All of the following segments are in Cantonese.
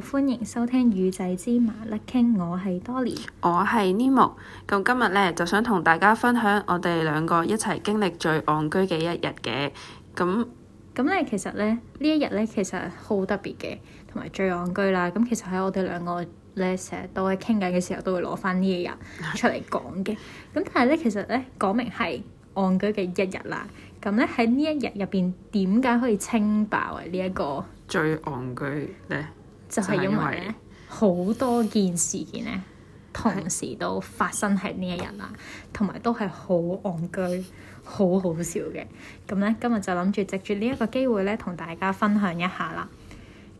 歡迎收聽魚仔芝麻甩傾，我係多利，我係呢木。咁今日咧就想同大家分享我哋兩個一齊經歷最戇居嘅一日嘅。咁咁咧其實咧呢一日咧其實好特別嘅，同埋最戇居啦。咁其實喺我哋兩個咧成日都喺傾偈嘅時候都會攞翻 呢一日出嚟講嘅。咁但係咧其實咧講明係戇居嘅一日啦。咁咧喺呢一日入邊點解可以稱霸啊？呢、這、一個最戇居咧。就係因為咧好多件事件咧，同時都發生喺呢一日啦，同埋的都係好戇居，好好笑嘅。咁咧，今日就諗住藉住呢一個機會咧，同大家分享一下啦。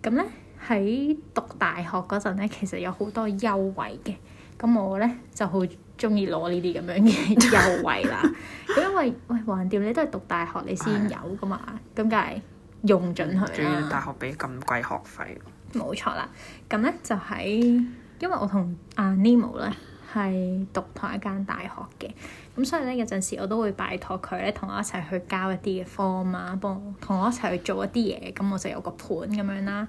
咁咧喺讀大學嗰陣咧，其實有好多優惠嘅。咁我咧就好中意攞呢啲咁樣嘅優惠啦。咁 因為喂，橫掂你都係讀大學你先有噶嘛，咁梗係用盡佢啦。仲要大學俾咁貴學費。冇錯啦，咁咧就喺、是、因為我同阿 Nemo 咧係讀同一間大學嘅，咁所以咧，有陣時我都會拜託佢咧同我一齊去交一啲嘅科 o r m 啊，幫同我，我一齊去做一啲嘢，咁我就有個盤咁樣啦。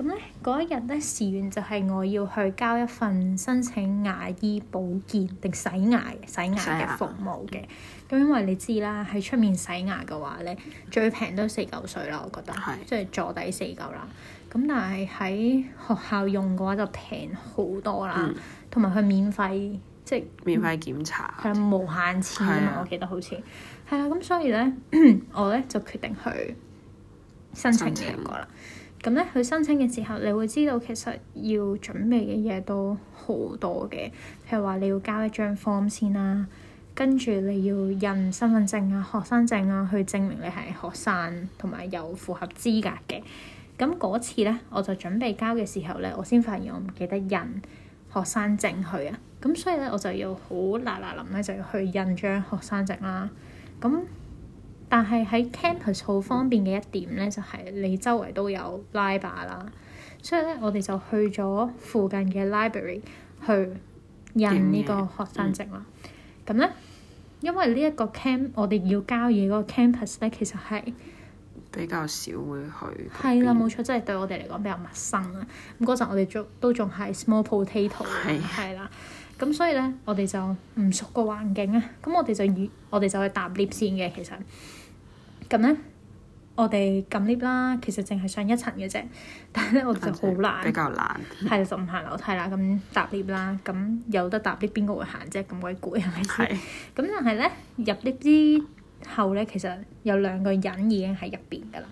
咁咧嗰一日咧，事緣就係我要去交一份申請牙醫保健定洗牙洗牙嘅服務嘅。咁因為你知啦，喺出面洗牙嘅話咧，最平都四嚿水啦，我覺得，即係坐底四嚿啦。咁但係喺學校用嘅話就平好多啦，同埋佢免費，即係免費檢查，係啊無限次啊，我記得好似係啊。咁所以咧，我咧就決定去申請呢個啦。咁咧，去申請嘅時候，你會知道其實要準備嘅嘢都好多嘅。譬如話，你要交一張 form 先啦、啊，跟住你要印身份證啊、學生證啊，去證明你係學生同埋有，有符合資格嘅。咁嗰次咧，我就準備交嘅時候咧，我先發現我唔記得印學生證去啊。咁所以咧，我就要好嗱嗱臨咧，就要去印張學生證啦。咁但係喺 campus 好方便嘅一點咧，嗯、就係你周圍都有 library 啦，所以咧我哋就去咗附近嘅 library 去印呢個學生證啦。咁咧、嗯嗯，因為呢一個 camp 我哋要交易嗰個 campus 咧，其實係比較少會去。係啦、啊，冇錯，即係對我哋嚟講比較陌生啦。是、嗯、啊。咁嗰陣我哋仲都仲係 small potato，係係啦。咁所以咧，我哋就唔熟個環境啊。咁我哋就我哋就去搭 lift 先嘅。其實咁咧，我哋撳 lift 啦，其實淨係上一層嘅啫。但係咧，我哋就好懶，比較懶係就唔行樓梯啦。咁搭 lift 啦，咁有得搭 lift，邊個會行啫？咁鬼攰係咪先？咁係但係咧入 lift 之後咧，其實有兩個人已經喺入邊㗎啦。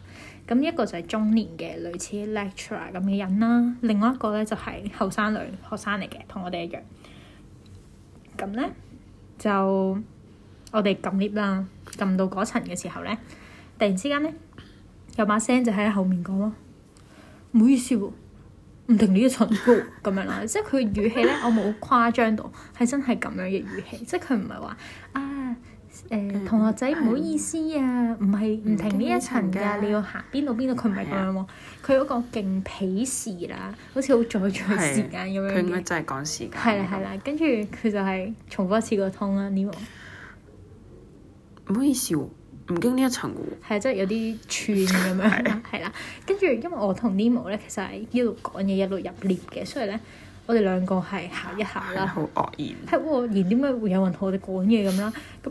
咁一個就係中年嘅類似 lecturer 咁嘅人啦，另外一個咧就係後生女學生嚟嘅，同我哋一樣。咁咧就我哋撳 lift 啦，撳到嗰層嘅時候咧，突然之間咧有把聲就喺後面講咯，唔好意思喎、哦，唔停呢層喎、哦，咁樣啦，即係佢嘅語氣咧，我冇誇張到，係真係咁樣嘅語氣，即係佢唔係話啊。誒、嗯、同學仔，唔的好意思啊，唔係唔停呢一層㗎，層你要行邊度邊度？佢唔係咁樣佢、啊、嗰的個勁鄙視啦，好似好在搶時間咁樣，佢應該真係趕時間。係啦係啦，跟住佢就係重複一次個通啦，Nemo。唔好意思唔、啊、經呢一層嘅喎。係啊，真係有啲串咁樣啦，係啦的。跟住因為我同 Nemo 咧，其實係一路講嘢一路入 𨋢 嘅，所以咧我哋兩個係行一嚇啦，好愕然，係愕然，點解會有人同我哋講嘢咁啦？咁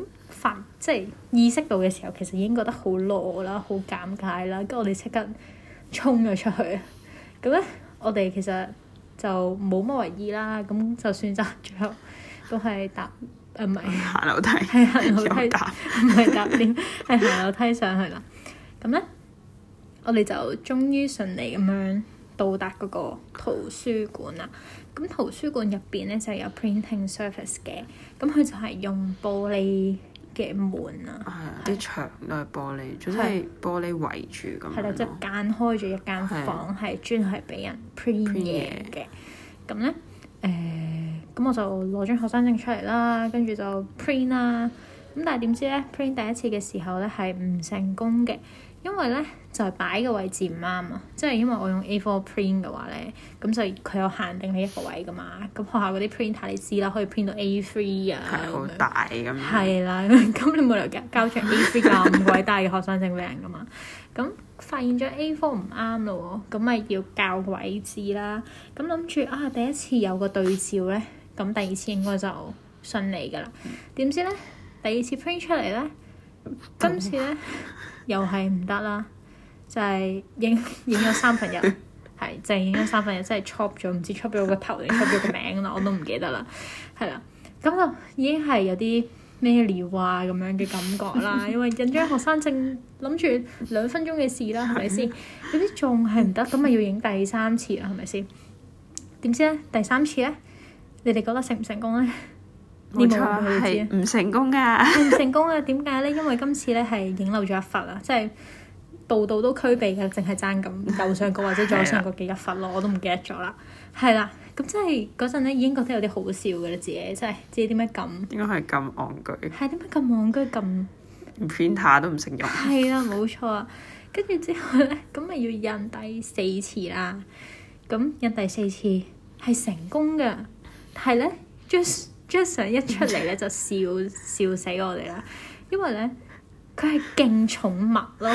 即係意識到嘅時候，其實已經覺得好攞啦，好尷尬啦。跟住我哋即刻衝咗出去。咁 咧，我哋其實就冇乜為意啦。咁就算就最後都係搭誒唔係行樓梯，係行樓梯唔係搭 𨋢 係行樓梯上去啦。咁咧，我哋就終於順利咁樣到達嗰個圖書館啦。咁圖書館入邊咧就係、有 Printing Surface 嘅，咁佢就係用玻璃。嘅門啊，啲的的牆都係玻璃，的總之係玻璃圍住咁。係啦的，即係間開住一間房，係的的專係俾人 print 嘢嘅。咁咧，誒，咁、呃、我就攞張學生證出嚟啦，跟住就 print 啦。咁但係點知咧？print 第一次嘅時候咧係唔成功嘅，因為咧在、就係、擺個位置唔啱啊，即係因為我用 A four print 嘅話咧，咁就佢有限定喺一個位噶嘛。咁學校嗰啲 printer 你知啦，可以 print 到 A three 啊，好、嗯、對大咁。係啦，咁你冇理由教出 A three 咁鬼大嘅學生證俾人噶嘛？咁發現咗 A four 唔啱咯，咁咪要校位置啦。咁諗住啊，第一次有一個對照咧，咁第二次應該就順利噶啦。點知咧？第二次 print 出嚟咧，今次咧又係唔得啦，就係影影咗三分一，係 就係影咗三分一，即係 crop 咗，唔知 crop 咗個頭定 crop 咗個名啦，我都唔記得啦，係啦，咁就已經係有啲咩料啊咁樣嘅感覺啦， 因為印張學生證諗住兩分鐘嘅事啦，係咪先？有啲仲係唔得，咁咪要影第三次啦，係咪先？點知咧，第三次咧，你哋覺得成唔成功咧？冇錯，係唔成功噶，唔成功啊！點解咧？因為今次咧係影漏咗一忽啊，即係度度都俱備嘅，淨係爭咁右上角或者左上角嘅一忽咯， 我都唔記得咗啦。係啦，咁即係嗰陣咧已經覺得有啲好笑嘅啦，自己即係自己點解咁？應該係咁戇居，係點解咁戇居咁？唔偏袒都唔成用。係啊，冇錯啊。跟住之後咧，咁咪要印第四次啦。咁印第四次係成功嘅，但係咧 just。張相一出嚟咧就笑笑死我哋啦，因為咧佢係勁寵物咯，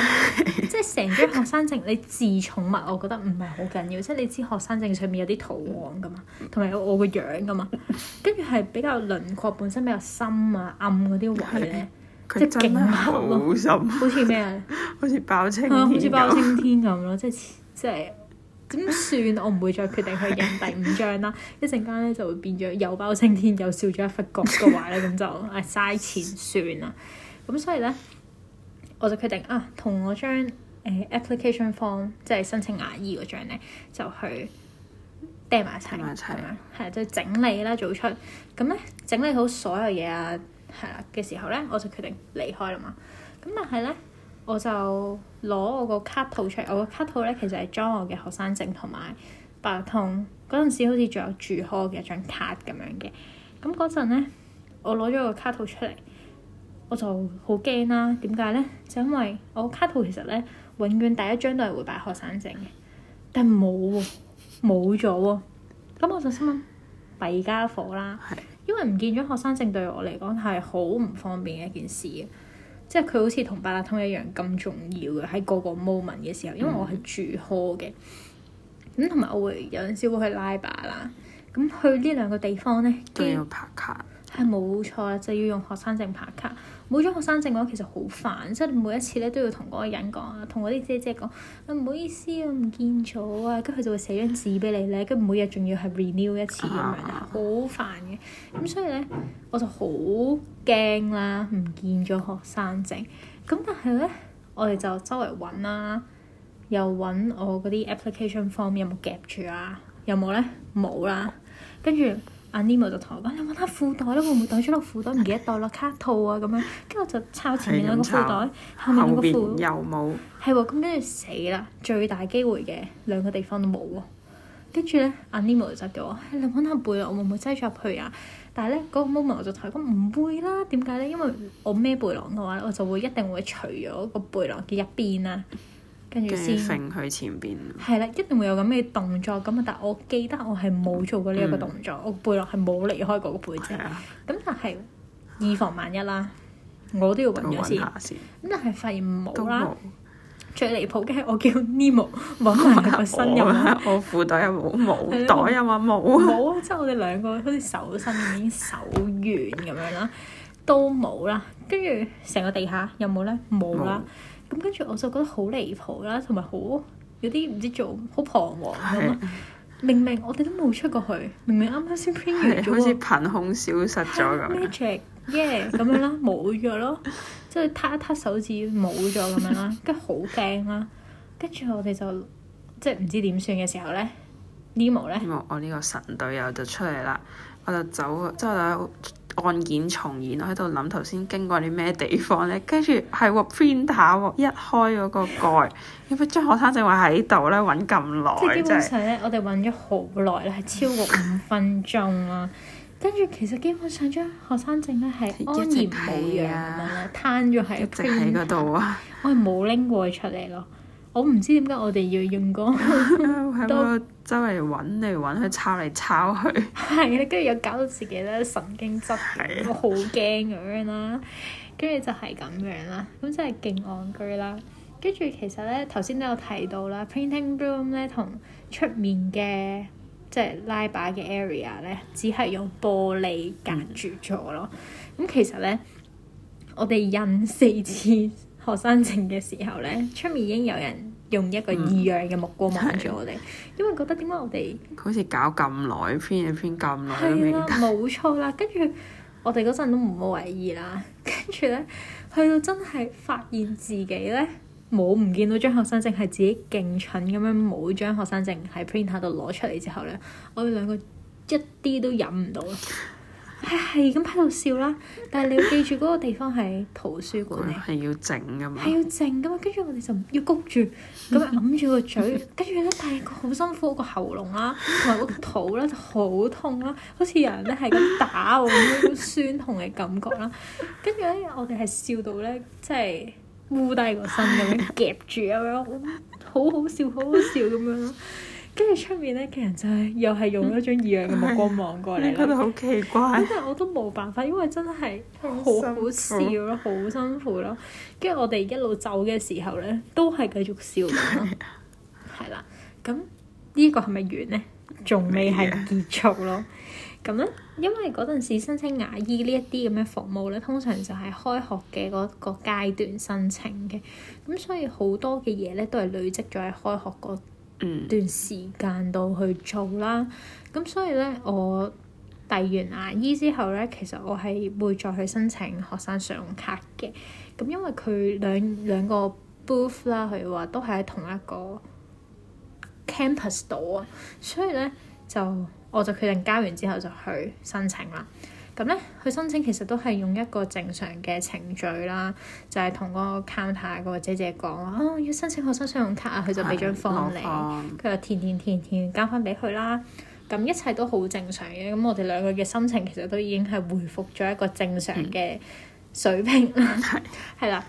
即係成張學生證你字寵物，我覺得唔係好緊要，即係你知學生證上面有啲圖案噶嘛，同埋有我個樣噶嘛，跟住係比較輪廓本身比較深啊暗嗰啲位咧，即係勁暗咯，好似咩啊？好似包青天，好似包青天咁咯，即係即係。點算？我唔會再決定去印第五張啦， 一陣間咧就會變咗又包青天又笑咗一塊角嘅話咧，咁 就誒嘥錢算啦。咁所以咧，我就決定啊，同我張誒、呃、application form 即係申請牙醫嗰張咧，就去掟埋一齊，係啊，即係嗎整理啦，做出咁咧，整理好所有嘢啊，係啦嘅時候咧，我就決定離開啦嘛。咁但係咧。我就攞我個卡套出嚟，我個卡套咧其實係裝我嘅學生證同埋白通嗰陣時，好似仲有住科嘅一張卡咁樣嘅。咁嗰陣咧，我攞咗個卡套出嚟，我就好驚啦。點解咧？就因為我個卡套其實咧永遠第一張都係會擺學生證嘅，但係冇喎，冇咗喎。咁我就心諗弊家伙啦，因為唔見咗學生證對我嚟講係好唔方便嘅一件事。即係佢好似同八達通一樣咁重要嘅，喺個個 moment 嘅時候，因為我係住 hall 嘅，咁同埋我會有陣時會去拉巴啦。咁去呢兩個地方咧，都要拍卡。係冇錯啦，就要用學生證拍卡。冇咗學生證嘅話，其實好煩，即係每一次咧都要同嗰個人講啊，同嗰啲姐姐講，啊唔好意思，我唔見咗啊，跟住佢就會寫張紙俾你咧，跟住每日仲要係 renew 一次咁、啊、樣，好煩嘅。咁所以咧，我就好驚啦！唔見咗學生證咁，但係咧，我哋就周圍揾啦，又揾我嗰啲 application form 有冇夾住啊？有冇咧？冇啦。跟住阿 Nimo 就同我講：， 你揾下褲袋啦，會唔會袋咗落褲袋？唔記得袋落卡套啊？咁樣跟住我就抄前面兩個褲袋， 後面兩個褲又冇係喎。咁跟住死啦，最大機會嘅兩個地方都冇喎。跟住咧，阿 Nimo 就叫我：，你揾下背啦，我會唔會擠咗入去啊？但係咧，嗰、那個 moment 我就提，我唔會啦，點解咧？因為我孭背囊嘅話，我就會一定會除咗個背囊嘅一邊啦，跟住先揈佢前邊。係啦， 一定會有咁嘅動作咁啊！但我記得我係冇做過呢一個動作，嗯、我背囊係冇離開過個背脊。咁、嗯、但係以防萬一啦，我都要揾咗先。咁但係發現冇啦。最離譜嘅係我叫 Nemo 望下個身，我褲袋有冇冇袋又冇冇！即係我哋兩個好似手身已經手軟咁樣啦，都冇啦。跟住成個地下有冇咧？冇啦。咁跟住我就覺得好離譜啦，同埋好有啲唔知做，好彷徨的、嗯。明明我哋都冇出過去，明明啱啱先 print 完，好似憑空消失咗咁。耶咁、yeah, 樣啦，冇咗咯，即係撻一撻手指冇咗咁樣啦，跟住好驚啦，跟住我哋就即係唔知點算嘅時候咧，呢模咧，我呢個神隊友就出嚟啦，我就走，即係我喺案件重現，我喺度諗頭先經過啲咩地方咧，跟住係喎 printer 喎，一,一開嗰個蓋，有冇張學生證話喺度咧，揾咁耐即基本上係， 我哋揾咗好耐啦，係超過五分鐘啦、啊。 跟住其實基本上張學生證咧係安然無恙咁樣啦，攤咗喺一直喺嗰度啊！我係冇拎過佢出嚟咯，我唔知點解我哋要用個 都周圍揾嚟揾去，抄嚟抄去。係啦，跟住 又搞到自己咧神經質，對我好驚咁樣啦。跟住就係咁樣啦，咁真係勁戇居啦。跟住其實咧頭先都有提到啦，Printing room 咧同出面嘅。即係拉把嘅 area 咧，只係用玻璃隔住咗咯。咁、嗯、其實咧，我哋印四次學生證嘅時候咧，出面已經有人用一個異樣嘅目光望住我哋，嗯、因為覺得點解我哋好似搞咁耐，編嘢編咁耐都未得，冇錯啦。跟住我哋嗰陣都唔好為意啦。跟住咧，去到真係發現自己咧。冇，唔見到張學生證，係自己勁蠢咁樣冇張學生證喺 printer 度攞出嚟之後咧，我哋兩個一啲都忍唔到，係咁喺度笑啦。但係你要記住嗰個地方係圖書館咧，係要整噶靜㗎嘛，係要靜㗎嘛。跟住我哋就要谷住，咁樣諗住個嘴，跟住咧，但係個好辛苦個喉嚨啦，同埋個肚咧就好痛啦，好似人咧係咁打我，咁樣酸痛嘅感覺啦。跟住咧，我哋係笑到咧，即係～屈低個身咁樣夾住咁樣，好好笑，好好笑咁樣咯。跟住出面咧，其實就係又係用咗一張異樣嘅目光望過嚟啦。嗯欸、覺得好奇怪。但係我都冇辦法，因為真係好好笑咯，辛好辛苦咯。跟住我哋一路走嘅時候咧，都係繼續笑咁啦，咁 呢個係咪完咧？仲未係結束咯。咁咧，因為嗰陣時申請牙醫呢一啲咁嘅服務咧，通常就係開學嘅嗰個階段申請嘅，咁所以好多嘅嘢咧都係累積咗喺開學嗰段時間度去做啦。咁所以咧，我遞完牙醫之後咧，其實我係會再去申請學生信用卡嘅。咁因為佢兩兩個 booth 啦，佢話都係喺同一個 campus 度啊，所以咧就。我就決定交完之後就去申請啦。咁咧，去申請其實都係用一個正常嘅程序啦，就係、是、同個 counter 個姐姐講啊，oh, 要申請學生信用卡啊，佢、嗯、就俾張 form 你，佢、嗯嗯、就填填填填，填，交翻俾佢啦。咁一切都好正常嘅，咁我哋兩個嘅心情其實都已經係回復咗一個正常嘅水平啦，係啦。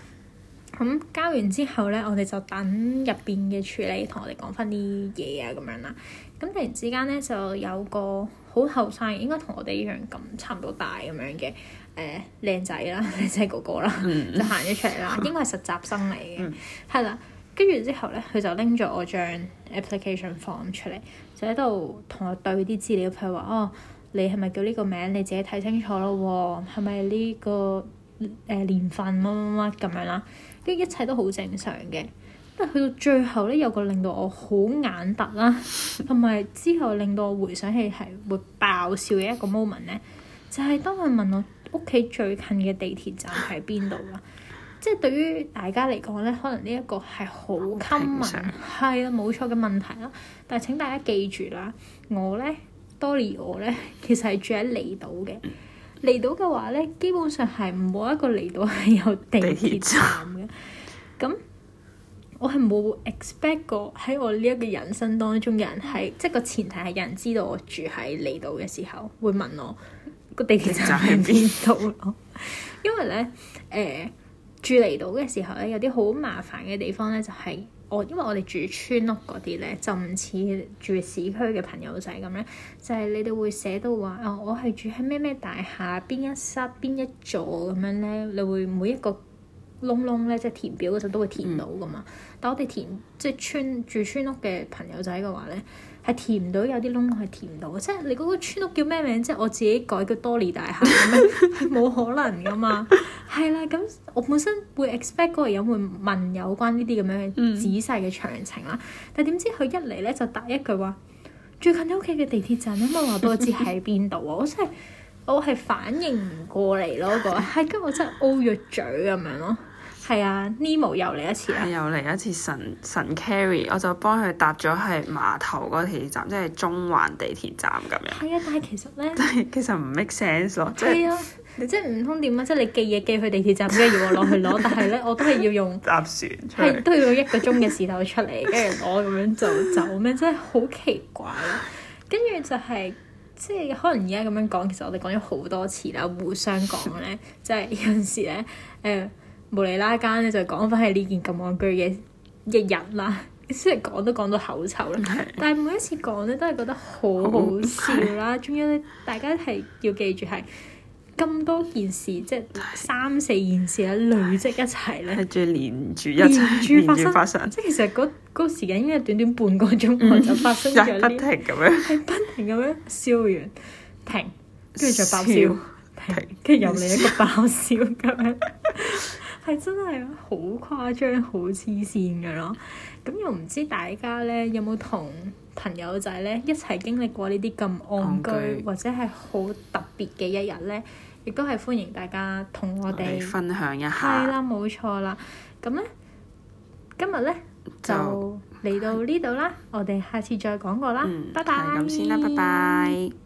咁、嗯、交完之後咧，我哋就等入邊嘅處理，同我哋講翻啲嘢啊咁樣啦。咁突然之間咧，就有個好後生，應該同我哋一樣咁差唔多大咁樣嘅誒靚仔啦，靚仔哥哥啦，嗯、就行咗出嚟啦。應該係實習生嚟嘅，係啦、嗯。跟住之後咧，佢就拎咗我張 application form 出嚟，就喺度同我對啲資料，譬如話哦，你係咪叫呢個名？你自己睇清楚咯喎、哦，係咪呢個？誒、呃、年份乜乜乜咁樣啦，跟住一切都好正常嘅。但係去到最後咧，有個令到我好眼凸啦、啊，同埋之後令到我回想起係會爆笑嘅一個 moment 咧，就係、是、當佢問我屋企最近嘅地鐵站喺邊度啦。即係對於大家嚟講咧，可能呢一個係好 common，係啊冇錯嘅問題啦。但係請大家記住啦，我咧，多利我咧，其實係住喺離島嘅。離島嘅話咧，基本上係冇一個離島係有地鐵站嘅。咁鐵 我係冇 expect 過喺我呢一個人生當中，嘅人係即係個前提係有人知道我住喺離島嘅時候，會問我個地鐵站喺邊度。 因為咧，誒、呃、住離島嘅時候咧，有啲好麻煩嘅地方咧，就係、是。因為我哋住村屋嗰啲咧，就唔似住市區嘅朋友仔咁樣咧，就係、是、你哋會寫到話啊、哦，我係住喺咩咩大廈邊一室邊一座咁樣咧，你會每一個窿窿咧，即係填表嗰陣都會填到噶嘛。但我哋填即係村住村屋嘅朋友仔嘅話咧，係填唔到，有啲窿窿係填唔到，即係你嗰個村屋叫咩名？即係我自己改叫多利大廈，係冇可能噶嘛。係啦，咁我本身會 expect 嗰個人會問有關呢啲咁樣仔細嘅詳情啦。但係點知佢一嚟咧就答一句話：最近你屋企嘅地鐵站，你冇話多知係邊度啊？我真係我係反應唔過嚟咯，個係咁我真係 o 咗嘴咁樣咯。係啊，Nemo 又嚟一次啊！又嚟一次神神 carry，我就幫佢搭咗係碼頭嗰個地鐵站，即係中環地鐵站咁樣。係啊，但係其實咧，但係 其實唔 make sense 咯，即係你即係唔通點啊？ 即係你寄嘢寄去地鐵站，跟住要我落去攞，但係咧我都係要用搭船出，係都要一個鐘嘅時候出嚟，跟住攞咁樣就走咩？真係好奇怪咯！跟住就係、是、即係可能而家咁樣講，其實我哋講咗好多次啦，互相講咧，即、就、係、是、有陣時咧誒。嗯嗯嗯無厘啦間咧就講翻係呢件咁戇居嘅一日啦，即係講都講到口臭啦。但係每一次講咧都係覺得好好笑啦。仲要咧，大家係要記住係咁多件事，即係三四件事累積一齊咧，係連住一齊連住發生。即係其實嗰嗰個時間應該短短半個鐘頭就發生咗呢啲，停咁樣，係不停咁樣笑完停，跟住再爆笑停，跟住又嚟一個爆笑咁樣。係真係好誇張、好黐線㗎囉，咁又唔知大家呢有冇同朋友仔呢一齊經歷過呢啲咁戇居或者係好特別嘅一日呢？亦都係歡迎大家同我哋分享一下。係啦，冇錯啦，咁呢，今日呢就嚟到呢度啦，就我哋下次再講過啦、嗯 bye bye，拜拜。係咁先啦，拜拜。